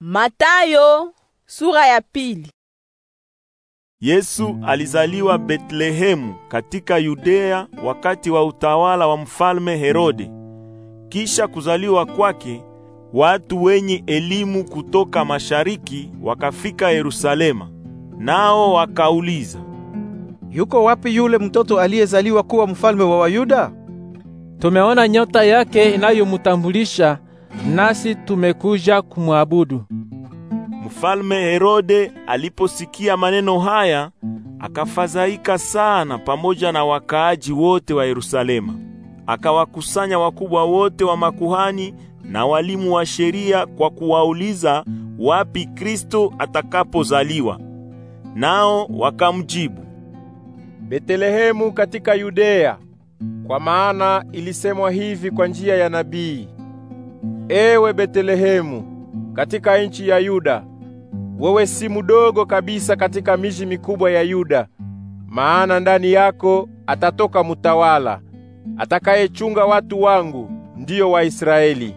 Matayo sura ya pili. Yesu alizaliwa Betlehemu katika Yudea wakati wa utawala wa mfalme Herode. Kisha kuzaliwa kwake, watu wenye elimu kutoka mashariki wakafika Yerusalema. Nao wakauliza, Yuko wapi yule mtoto aliyezaliwa kuwa mfalme wa Wayuda? Tumeona nyota yake inayomtambulisha nasi tumekuja kumwabudu. Mfalme Herode aliposikia maneno haya akafadhaika sana, pamoja na wakaaji wote wa Yerusalema. Akawakusanya wakubwa wote wa makuhani na walimu wa sheria kwa kuwauliza wapi Kristo atakapozaliwa. Nao wakamjibu, Betelehemu katika Yudea, kwa maana ilisemwa hivi kwa njia ya nabii, ewe Betelehemu katika nchi ya Yuda, wewe si mudogo kabisa katika miji mikubwa ya Yuda, maana ndani yako atatoka mutawala atakayechunga watu wangu, ndiyo Waisraeli.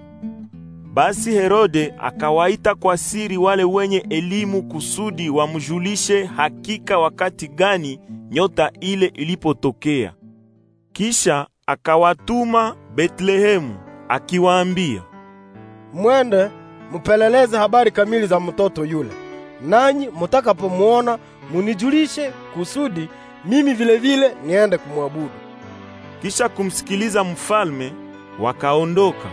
Basi Herode akawaita kwa siri wale wenye elimu kusudi wamjulishe hakika wakati gani nyota ile ilipotokea. Kisha akawatuma Betlehemu akiwaambia, mwende mupeleleze habari kamili za mtoto yule, nanyi mutakapomuona munijulishe, kusudi mimi vilevile vile niende kumwabudu. Kisha kumsikiliza mfalme, wakaondoka.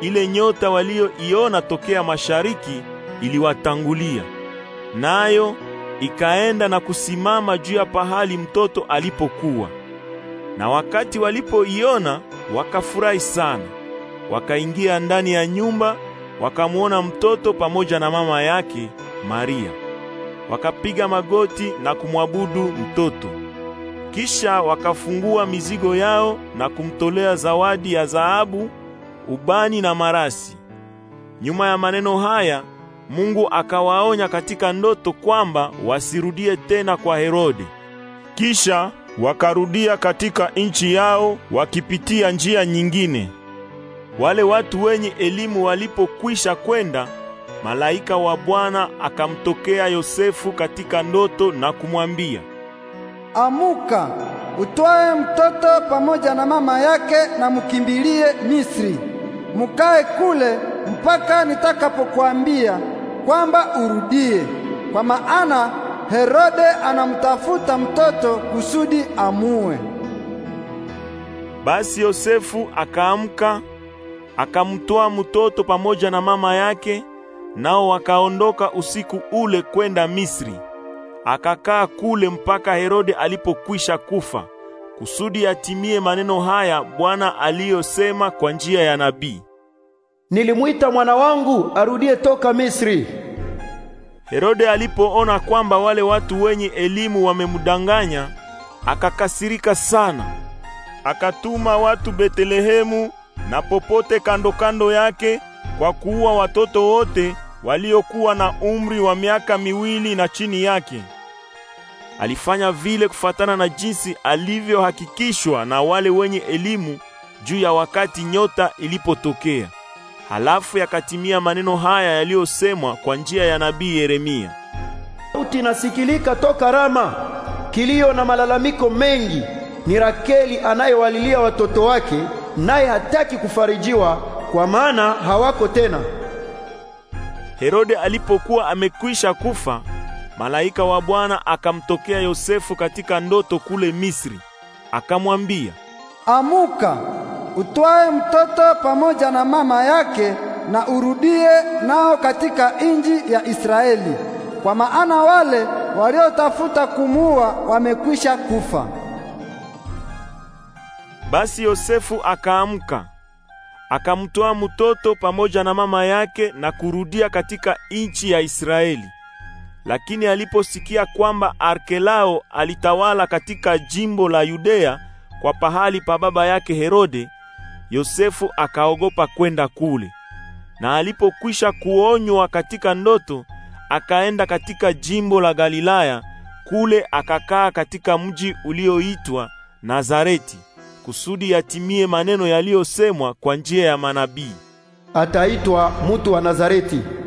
Ile nyota walioiona tokea mashariki iliwatangulia, nayo ikaenda na kusimama juu ya pahali mtoto alipokuwa. Na wakati walipoiona wakafurahi sana. Wakaingia ndani ya nyumba, wakamwona mtoto pamoja na mama yake Maria, wakapiga magoti na kumwabudu mtoto. Kisha wakafungua mizigo yao na kumtolea zawadi ya dhahabu, ubani na marasi. Nyuma ya maneno haya, Mungu akawaonya katika ndoto kwamba wasirudie tena kwa Herode. Kisha wakarudia katika nchi yao wakipitia njia nyingine. Wale watu wenye elimu walipokwisha kwenda, malaika wa Bwana akamtokea Yosefu katika ndoto na kumwambia, Amuka, utwae mtoto pamoja na mama yake na mukimbilie Misri. Mukae kule mpaka nitakapokuambia kwamba urudie, kwa maana Herode anamtafuta mtoto kusudi amue. Basi Yosefu akaamka akamtoa mtoto pamoja na mama yake, nao wakaondoka usiku ule kwenda Misri. Akakaa kule mpaka Herode alipokwisha kufa, kusudi atimie maneno haya Bwana aliyosema kwa njia ya nabii, nilimwita mwana wangu arudie toka Misri. Herode alipoona kwamba wale watu wenye elimu wamemdanganya, akakasirika sana. Akatuma watu Betelehemu na popote kando kando yake, kwa kuua watoto wote waliokuwa na umri wa miaka miwili na chini yake. Alifanya vile kufatana na jinsi alivyohakikishwa na wale wenye elimu juu ya wakati nyota ilipotokea. Halafu yakatimia maneno haya yaliyosemwa kwa njia ya nabii Yeremia: sauti nasikilika toka Rama, kilio na malalamiko mengi, ni Rakeli anayewalilia watoto wake naye hataki kufarijiwa kwa maana hawako tena. Herode alipokuwa amekwisha kufa, malaika wa Bwana akamtokea Yosefu katika ndoto kule Misri, akamwambia, amuka, utwae mtoto pamoja na mama yake na urudie nao katika inji ya Israeli, kwa maana wale waliotafuta kumuua wamekwisha kufa. Basi Yosefu akaamka akamtoa mtoto pamoja na mama yake na kurudia katika nchi ya Israeli. Lakini aliposikia kwamba Arkelao alitawala katika jimbo la Yudea kwa pahali pa baba yake Herode, Yosefu akaogopa kwenda kule. Na alipokwisha kuonywa katika ndoto, akaenda katika jimbo la Galilaya, kule akakaa katika mji ulioitwa Nazareti kusudi yatimie maneno yaliyosemwa kwa njia ya manabii, ataitwa mtu wa Nazareti.